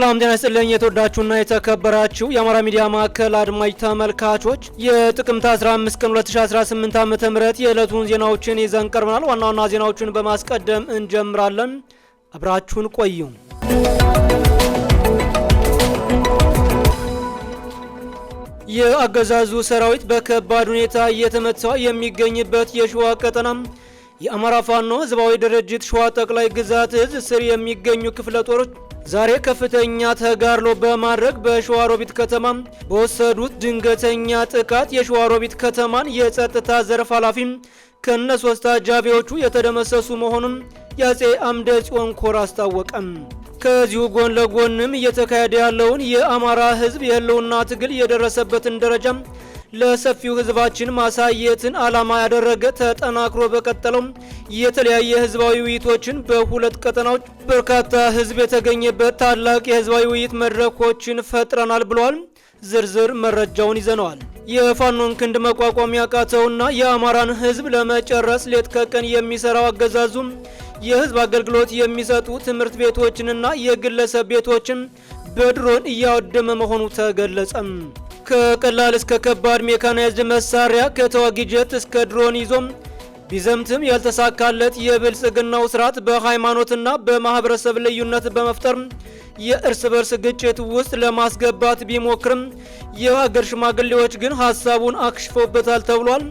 ሰላም ጤና ይስጥልኝ። የተወዳችሁና የተከበራችሁ የአማራ ሚዲያ ማዕከል አድማጭ ተመልካቾች የጥቅምት 15 ቀን 2018 ዓ ም የዕለቱን ዜናዎችን ይዘን ቀርበናል። ዋና ዋና ዜናዎቹን በማስቀደም እንጀምራለን። አብራችሁን ቆዩ። የአገዛዙ ሰራዊት በከባድ ሁኔታ እየተመታ የሚገኝበት የሸዋ ቀጠና የአማራ ፋኖ ህዝባዊ ድርጅት ሸዋ ጠቅላይ ግዛት እዝ ስር የሚገኙ ክፍለ ጦሮች ዛሬ ከፍተኛ ተጋድሎ በማድረግ በሸዋሮቢት ከተማ በወሰዱት ድንገተኛ ጥቃት የሸዋሮቢት ከተማን የጸጥታ ዘርፍ ኃላፊ ከነ ሶስት አጃቢዎቹ የተደመሰሱ መሆኑን የአጼ አምደ ጽዮን ኮር አስታወቀም። ከዚሁ ጎን ለጎንም እየተካሄደ ያለውን የአማራ ሕዝብ የህልውና ትግል የደረሰበትን ደረጃ ለሰፊው ህዝባችን ማሳየትን ዓላማ ያደረገ ተጠናክሮ በቀጠለው የተለያየ ህዝባዊ ውይይቶችን በሁለት ቀጠናዎች በርካታ ህዝብ የተገኘበት ታላቅ የህዝባዊ ውይይት መድረኮችን ፈጥረናል ብለዋል። ዝርዝር መረጃውን ይዘነዋል። የፋኖን ክንድ መቋቋም ያቃተውና የአማራን ህዝብ ለመጨረስ ሌት ከቀን የሚሰራው አገዛዙም የህዝብ አገልግሎት የሚሰጡ ትምህርት ቤቶችንና የግለሰብ ቤቶችን በድሮን እያወደመ መሆኑ ተገለጸም። ከቀላል እስከ ከባድ ሜካናይዝድ መሳሪያ ከተዋጊ ጀት እስከ ድሮን ይዞም ቢዘምትም ያልተሳካለት የብልጽግናው ስርዓት በሃይማኖትና በማህበረሰብ ልዩነት በመፍጠር የእርስ በርስ ግጭት ውስጥ ለማስገባት ቢሞክርም የሀገር ሽማግሌዎች ግን ሀሳቡን አክሽፎበታል ተብሏል።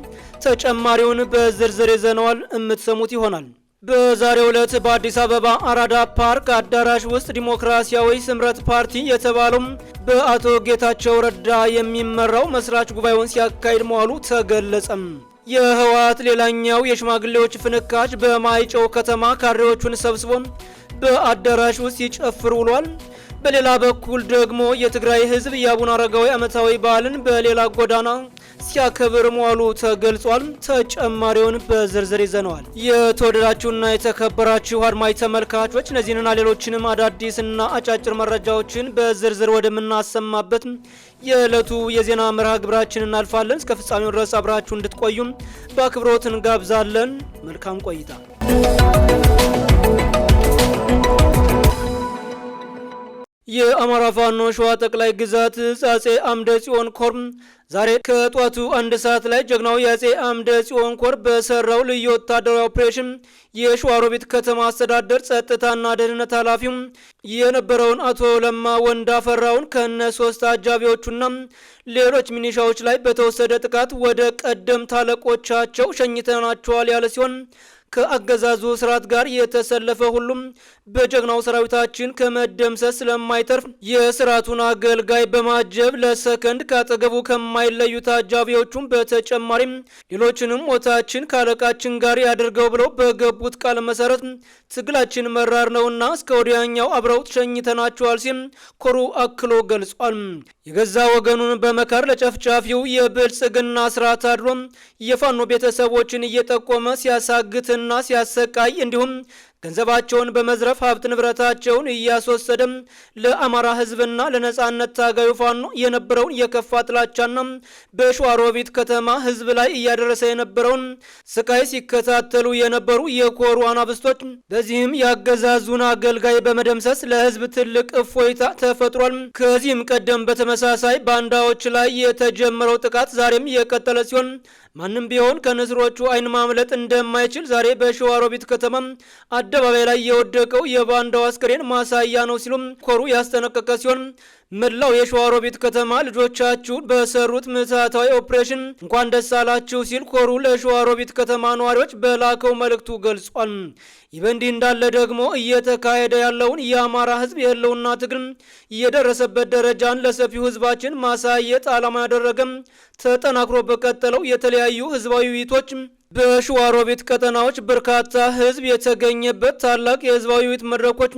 ተጨማሪውን በዝርዝር ይዘነዋል፣ የምትሰሙት ይሆናል። በዛሬው ዕለት በአዲስ አበባ አራዳ ፓርክ አዳራሽ ውስጥ ዲሞክራሲያዊ ስምረት ፓርቲ የተባለው በአቶ ጌታቸው ረዳ የሚመራው መስራች ጉባኤውን ሲያካሂድ መዋሉ ተገለጸም። የህወሓት ሌላኛው የሽማግሌዎች ፍንካች በማይጨው ከተማ ካሬዎቹን ሰብስቦ በአዳራሽ ውስጥ ይጨፍር ውሏል። በሌላ በኩል ደግሞ የትግራይ ህዝብ የአቡነ አረጋዊ ዓመታዊ በዓልን በሌላ ጎዳና ሲያከብር መዋሉ ተገልጿል። ተጨማሪውን በዝርዝር ይዘነዋል። የተወደዳችሁና የተከበራችሁ አድማጭ ተመልካቾች እነዚህንና ሌሎችንም አዳዲስና አጫጭር መረጃዎችን በዝርዝር ወደምናሰማበት የዕለቱ የዜና መርሃ ግብራችን እናልፋለን። እስከ ፍጻሜው ድረስ አብራችሁ እንድትቆዩም በአክብሮት እንጋብዛለን። መልካም ቆይታ የአማራ ፋኖ ሸዋ ጠቅላይ ግዛት አጼ አምደ ጽዮን ኮር ዛሬ ከጧቱ አንድ ሰዓት ላይ ጀግናው የአጼ አምደ ጽዮን ኮር በሰራው ልዩ ወታደራዊ ኦፕሬሽን የሸዋሮቢት ከተማ አስተዳደር ጸጥታና ደህንነት ኃላፊው የነበረውን አቶ ለማ ወንዳፈራውን ከነ ሶስት አጃቢዎቹና ሌሎች ሚኒሻዎች ላይ በተወሰደ ጥቃት ወደ ቀደምት አለቆቻቸው ሸኝተናቸዋል ያለ ሲሆን ከአገዛዙ ስርዓት ጋር የተሰለፈ ሁሉም በጀግናው ሰራዊታችን ከመደምሰስ ስለማይተርፍ የስርዓቱን አገልጋይ በማጀብ ለሰከንድ ካጠገቡ ከማይለዩ ታጃቢዎቹም በተጨማሪም ሌሎችንም ሞታችን ካለቃችን ጋር ያደርገው ብለው በገቡት ቃል መሰረት ትግላችን መራር ነውና እስከ ወዲያኛው አብረው ተሸኝተናቸዋል ሲል ኮሩ አክሎ ገልጿል። የገዛ ወገኑን በመካር ለጨፍጫፊው የብልጽግና ስርዓት አድሮም የፋኖ ቤተሰቦችን እየጠቆመ ሲያሳግትና ሲያሰቃይ እንዲሁም ገንዘባቸውን በመዝረፍ ሀብት ንብረታቸውን እያስወሰደም ለአማራ ህዝብና ለነጻነት ታጋዩ ፋኖ የነበረውን የከፋ ጥላቻና በሸዋሮቢት ከተማ ህዝብ ላይ እያደረሰ የነበረውን ስቃይ ሲከታተሉ የነበሩ የኮሩ አናብስቶች በዚህም ያገዛዙን አገልጋይ በመደምሰስ ለህዝብ ትልቅ እፎይታ ተፈጥሯል። ከዚህም ቀደም በተመሳሳይ ባንዳዎች ላይ የተጀመረው ጥቃት ዛሬም የቀጠለ ሲሆን ማንም ቢሆን ከንስሮቹ አይን ማምለጥ እንደማይችል ዛሬ በሸዋሮቢት ከተማ አደባባይ ላይ የወደቀው የባንዳው አስክሬን ማሳያ ነው ሲሉም ኮሩ ያስጠነቀቀ ሲሆን መላው የሸዋሮቢት ከተማ ልጆቻችሁን በሰሩት ምትሃታዊ ኦፕሬሽን እንኳን ደስ አላችሁ ሲል ኮሩ ለሸዋሮቢት ከተማ ነዋሪዎች በላከው መልእክቱ ገልጿል። ይህ በእንዲህ እንዳለ ደግሞ እየተካሄደ ያለውን የአማራ ህዝብ የህልውና ትግል እየደረሰበት ደረጃን ለሰፊው ህዝባችን ማሳየት ዓላማ ያደረገም ተጠናክሮ በቀጠለው የተለያዩ ህዝባዊ ውይይቶች በሸዋሮቢት ቀጠናዎች በርካታ ህዝብ የተገኘበት ታላቅ የህዝባዊ ውይይት መድረኮች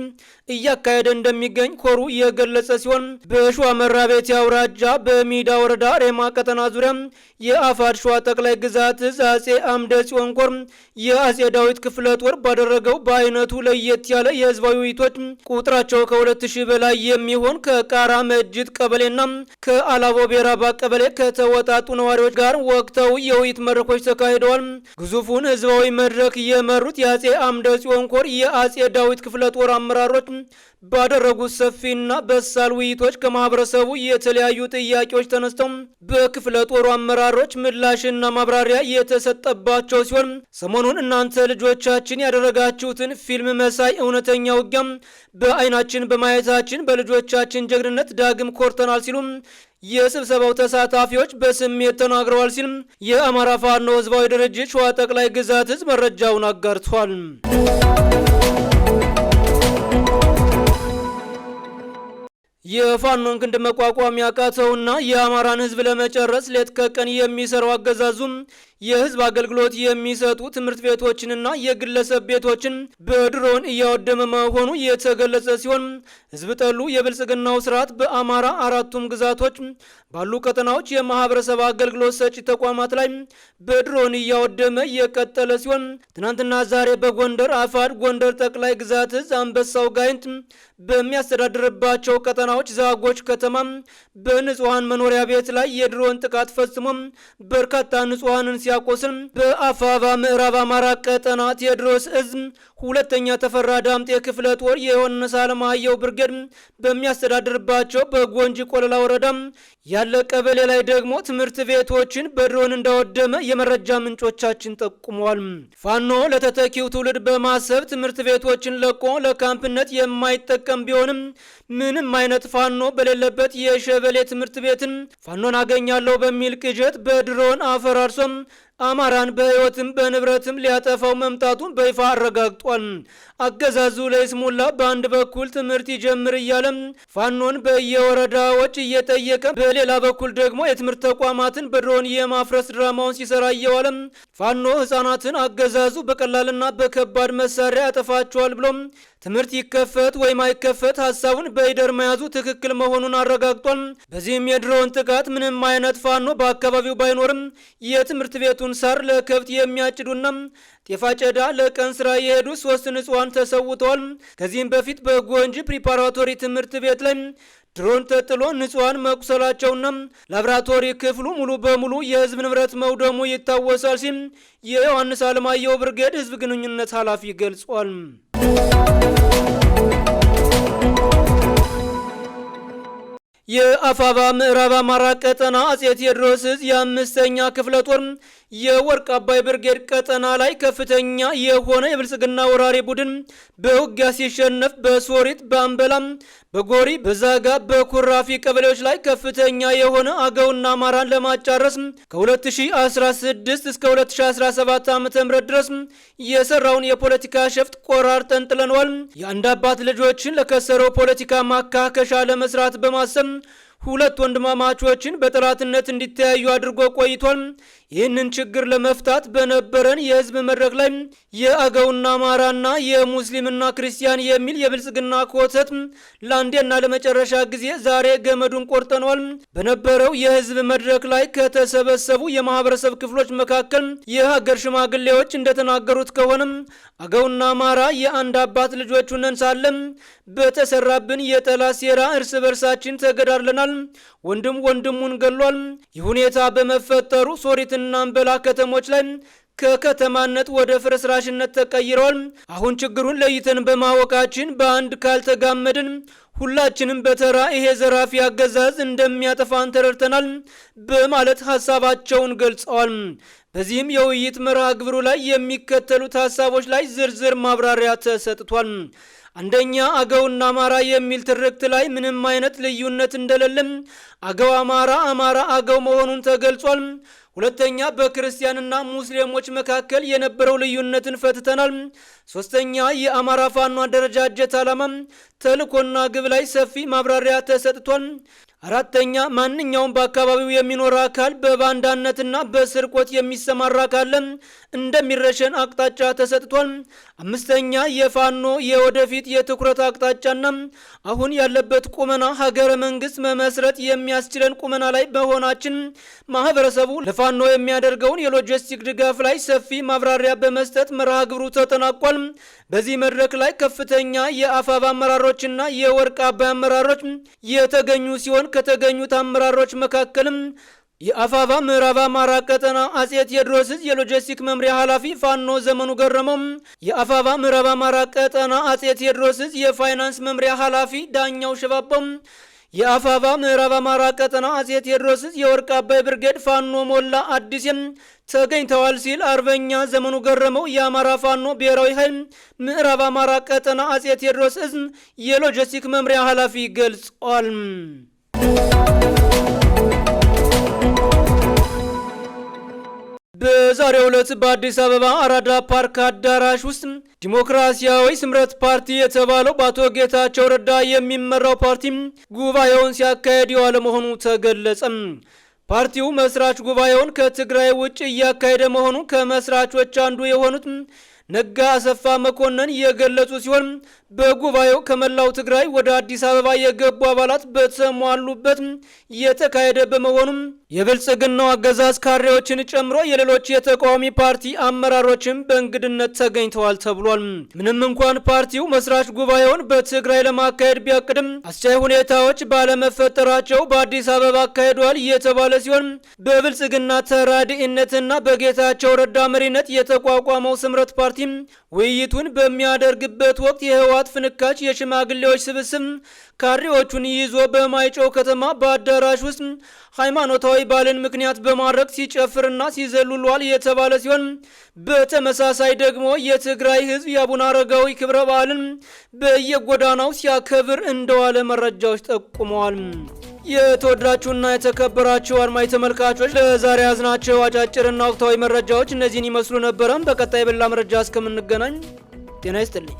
እያካሄደ እንደሚገኝ ኮሩ እየገለጸ ሲሆን በሸዋ መራቤቴ አውራጃ በሚዳ ወረዳ ሬማ ቀጠና ዙሪያ የአፋድ ሸዋ ጠቅላይ ግዛት እዝ አጼ አምደ ጽዮን ኮር የአጼ ዳዊት ክፍለ ጦር ባደረገው በአይነቱ ለየት ያለ የህዝባዊ ውይይቶች ቁጥራቸው ከሁለት ሺህ በላይ የሚሆን ከቃራ መጅት ቀበሌና ከአላቦ ቤራባ ቀበሌ ከተወጣጡ ነዋሪዎች ጋር ወቅታዊ የውይይት መድረኮች ተካሂደዋል። ግዙፉን ህዝባዊ መድረክ የመሩት የአጼ አምደ ጽዮን ኮር የአጼ ዳዊት ክፍለ ጦር አመራሮች ባደረጉት ሰፊና በሳል ውይይቶች ከማህበረሰቡ የተለያዩ ጥያቄዎች ተነስተው በክፍለ ጦሩ አመራሮች ምላሽና ማብራሪያ የተሰጠባቸው ሲሆን ሰሞኑን እናንተ ልጆቻችን ያደረጋችሁትን ፊልም መሳይ እውነተኛ ውጊያም በአይናችን በማየታችን በልጆቻችን ጀግንነት ዳግም ኮርተናል ሲሉም የስብሰባው ተሳታፊዎች በስሜት ተናግረዋል ሲል የአማራ ፋኖ ህዝባዊ ድርጅት ሸዋ ጠቅላይ ግዛት ህዝብ መረጃውን አጋርቷል። የፋኖን ክንድ መቋቋም ያቃተውና የአማራን ህዝብ ለመጨረስ ሌት ከቀን የሚሰራው አገዛዙም የህዝብ አገልግሎት የሚሰጡ ትምህርት ቤቶችንና የግለሰብ ቤቶችን በድሮን እያወደመ መሆኑ የተገለጸ ሲሆን ህዝብ ጠሉ የብልጽግናው ስርዓት በአማራ አራቱም ግዛቶች ባሉ ቀጠናዎች የማህበረሰብ አገልግሎት ሰጪ ተቋማት ላይ በድሮን እያወደመ እየቀጠለ ሲሆን ትናንትና ዛሬ በጎንደር አፋድ ጎንደር ጠቅላይ ግዛት እዝ አንበሳው ጋይንት በሚያስተዳድርባቸው ቀጠናዎች ዛጎች ከተማ በንጹሐን መኖሪያ ቤት ላይ የድሮን ጥቃት ፈጽሞ በርካታ ንጹሐንን ሲያቆስል በአፋባ ምዕራብ አማራ ቀጠና ቴዎድሮስ እዝ ሁለተኛ ተፈራ ዳምጤ ክፍለ ጦር የዮሐንስ አለማየሁ ብርጌድ በሚያስተዳድርባቸው በጎንጂ ቆለላ ወረዳ ያለ ቀበሌ ላይ ደግሞ ትምህርት ቤቶችን በድሮን እንዳወደመ የመረጃ ምንጮቻችን ጠቁመዋል። ፋኖ ለተተኪው ትውልድ በማሰብ ትምህርት ቤቶችን ለቆ ለካምፕነት የማይጠቀም ቢሆንም ምንም አይነት ፋኖ በሌለበት የሸበሌ ትምህርት ቤትን ፋኖን አገኛለሁ በሚል ቅዠት በድሮን አፈራርሶም አማራን በህይወትም በንብረትም ሊያጠፋው መምጣቱን በይፋ አረጋግጧል። አገዛዙ ለይስሙላ በአንድ በኩል ትምህርት ይጀምር እያለም ፋኖን በየወረዳዎች እየጠየቀ፣ በሌላ በኩል ደግሞ የትምህርት ተቋማትን በድሮን የማፍረስ ድራማውን ሲሰራ እየዋለም ፋኖ ህጻናትን አገዛዙ በቀላልና በከባድ መሳሪያ ያጠፋቸዋል ብሎም ትምህርት ይከፈት ወይም አይከፈት ሀሳቡን በይደር መያዙ ትክክል መሆኑን አረጋግጧል። በዚህም የድሮውን ጥቃት ምንም አይነት ፋኖ በአካባቢው ባይኖርም የትምህርት ቤቱን ሳር ለከብት የሚያጭዱና ጤፋጨዳ ለቀን ስራ የሄዱ ሶስት ንጹሐን ተሰውተዋል። ከዚህም በፊት በጎንጂ ፕሪፓራቶሪ ትምህርት ቤት ላይ ድሮን ተጥሎ ንጹሐን መቁሰላቸውና ላብራቶሪ ክፍሉ ሙሉ በሙሉ የህዝብ ንብረት መውደሙ ይታወሳል ሲል የዮሐንስ አለማየሁ ብርጌድ ህዝብ ግንኙነት ኃላፊ ገልጿል። Thank you. የአፋባ ምዕራብ አማራ ቀጠና አጼ ቴዎድሮስ የአምስተኛ ክፍለ ጦር የወርቅ አባይ ብርጌድ ቀጠና ላይ ከፍተኛ የሆነ የብልጽግና ወራሪ ቡድን በውጊያ ሲሸነፍ በሶሪት፣ በአንበላም፣ በጎሪ፣ በዛጋ፣ በኩራፊ ቀበሌዎች ላይ ከፍተኛ የሆነ አገውና አማራን ለማጫረስ ከ2016 እስከ 2017 ዓ ም ድረስ የሰራውን የፖለቲካ ሸፍጥ ቆራር ጥለነዋል። የአንድ አባት ልጆችን ለከሰረው ፖለቲካ ማካከሻ ለመስራት በማሰብ Menschen ሁለት ወንድማማቾችን በጠላትነት እንዲተያዩ አድርጎ ቆይቷል። ይህንን ችግር ለመፍታት በነበረን የህዝብ መድረክ ላይ የአገውና አማራና የሙስሊምና ክርስቲያን የሚል የብልጽግና ኮተት ለአንዴና ለመጨረሻ ጊዜ ዛሬ ገመዱን ቆርጠነዋል። በነበረው የህዝብ መድረክ ላይ ከተሰበሰቡ የማህበረሰብ ክፍሎች መካከል የሀገር ሽማግሌዎች እንደተናገሩት ከሆነም አገውና አማራ የአንድ አባት ልጆች ነን ሳለም በተሰራብን የጠላት ሴራ እርስ በርሳችን ተገዳድለናል። ተገድሏል። ወንድም ወንድሙን ገሏል። ይህ ሁኔታ በመፈጠሩ ሶሪትና አንበላ ከተሞች ላይ ከከተማነት ወደ ፍርስራሽነት ተቀይረዋል። አሁን ችግሩን ለይተን በማወቃችን በአንድ ካልተጋመድን ሁላችንም በተራ ይሄ ዘራፊ አገዛዝ እንደሚያጠፋን ተረድተናል በማለት ሀሳባቸውን ገልጸዋል። በዚህም የውይይት መርሃ ግብሩ ላይ የሚከተሉት ሀሳቦች ላይ ዝርዝር ማብራሪያ ተሰጥቷል። አንደኛ አገውና አማራ የሚል ትርክት ላይ ምንም አይነት ልዩነት እንደሌለም አገው አማራ አማራ አገው መሆኑን ተገልጿል። ሁለተኛ በክርስቲያንና ሙስሊሞች መካከል የነበረው ልዩነትን ፈትተናል። ሶስተኛ የአማራ ፋኖ አደረጃጀት ዓላማ፣ ተልእኮና ግብ ላይ ሰፊ ማብራሪያ ተሰጥቷል። አራተኛ ማንኛውም በአካባቢው የሚኖር አካል በባንዳነትና በስርቆት የሚሰማራ ካለም እንደሚረሸን አቅጣጫ ተሰጥቷል። አምስተኛ የፋኖ የወደፊት የትኩረት አቅጣጫና አሁን ያለበት ቁመና ሀገረ መንግስት መመስረት የሚያስችለን ቁመና ላይ መሆናችን ማህበረሰቡ ለፋኖ የሚያደርገውን የሎጂስቲክ ድጋፍ ላይ ሰፊ ማብራሪያ በመስጠት መርሃ ግብሩ ተጠናቋል። በዚህ መድረክ ላይ ከፍተኛ የአፋባ አመራሮችና የወርቅ አባይ አመራሮች የተገኙ ሲሆን ከተገኙት አመራሮች መካከልም የአፋባ ምዕራብ አማራ ቀጠና አጼ ቴዎድሮስ ዕዝ የሎጂስቲክ መምሪያ ኃላፊ ፋኖ ዘመኑ ገረመው፣ የአፋባ ምዕራብ አማራ ቀጠና አጼ ቴዎድሮስ የፋይናንስ መምሪያ ኃላፊ ዳኛው ሽባባው፣ የአፋባ ምዕራብ አማራ ቀጠና አጼ ቴዎድሮስ የወርቅ አባይ ብርጌድ ፋኖ ሞላ አዲስም ተገኝተዋል ሲል አርበኛ ዘመኑ ገረመው የአማራ ፋኖ ብሔራዊ ኃይል ምዕራብ አማራ ቀጠና አጼ ቴዎድሮስ ዕዝ የሎጂስቲክ መምሪያ ኃላፊ ገልጿል። በዛሬው ዕለት በአዲስ አበባ አራዳ ፓርክ አዳራሽ ውስጥ ዲሞክራሲያዊ ስምረት ፓርቲ የተባለው በአቶ ጌታቸው ረዳ የሚመራው ፓርቲ ጉባኤውን ሲያካሄድ የዋለ መሆኑ ተገለጸ። ፓርቲው መስራች ጉባኤውን ከትግራይ ውጭ እያካሄደ መሆኑ ከመስራቾች አንዱ የሆኑት ነጋ አሰፋ መኮንን የገለጹ ሲሆን በጉባኤው ከመላው ትግራይ ወደ አዲስ አበባ የገቡ አባላት በተሟሉበት የተካሄደ በመሆኑም የብልጽግናው አገዛዝ ካሬዎችን ጨምሮ የሌሎች የተቃዋሚ ፓርቲ አመራሮችም በእንግድነት ተገኝተዋል ተብሏል። ምንም እንኳን ፓርቲው መስራች ጉባኤውን በትግራይ ለማካሄድ ቢያቅድም አስቻይ ሁኔታዎች ባለመፈጠራቸው በአዲስ አበባ አካሂደዋል የተባለ ሲሆን በብልጽግና ተራድኢነትና በጌታቸው ረዳ መሪነት የተቋቋመው ስምረት ፓርቲ ፓርቲም ውይይቱን በሚያደርግበት ወቅት የህወሓት ፍንካች የሽማግሌዎች ስብስብ ካሬዎቹን ይዞ በማይጨው ከተማ በአዳራሽ ውስጥ ሃይማኖታዊ ባልን ምክንያት በማድረግ ሲጨፍርና ሲዘሉሏል የተባለ ሲሆን በተመሳሳይ ደግሞ የትግራይ ህዝብ የአቡነ አረጋዊ ክብረ በዓልን በየጎዳናው ሲያከብር እንደዋለ መረጃዎች ጠቁመዋል። የተወደዳችሁና የተከበራችሁ አድማጭ ተመልካቾች ለዛሬ ያዝናቸው አጫጭርና ወቅታዊ መረጃዎች እነዚህን ይመስሉ ነበረም። በቀጣይ በሌላ መረጃ እስከምንገናኝ ጤና ይስጥልኝ።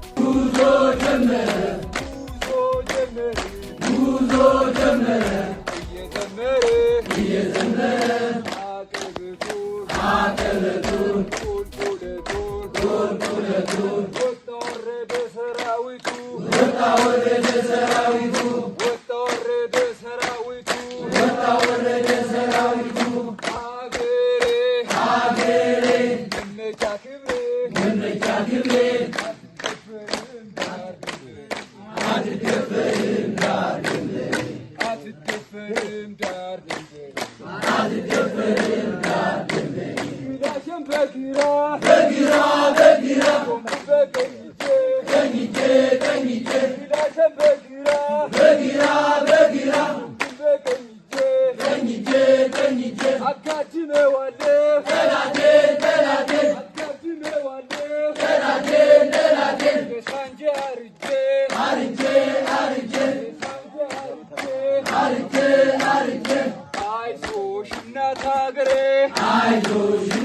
I go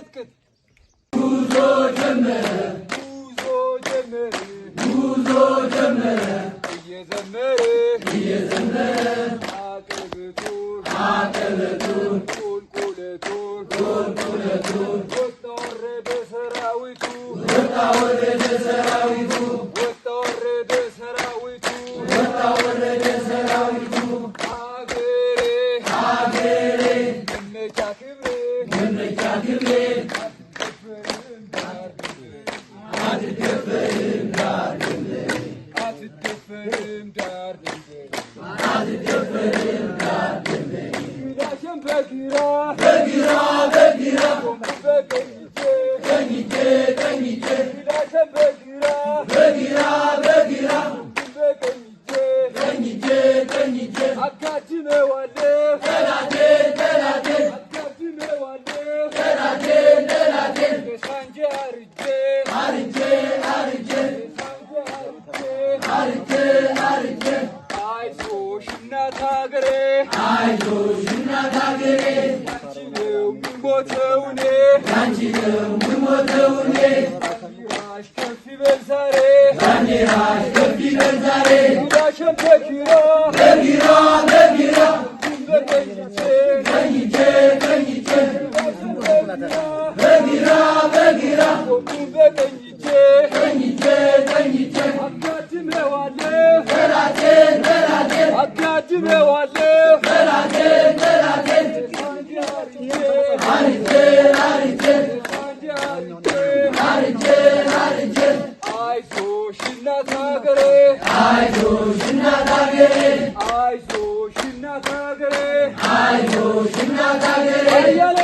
كذكد You I do. Ay, so, Hallelujah.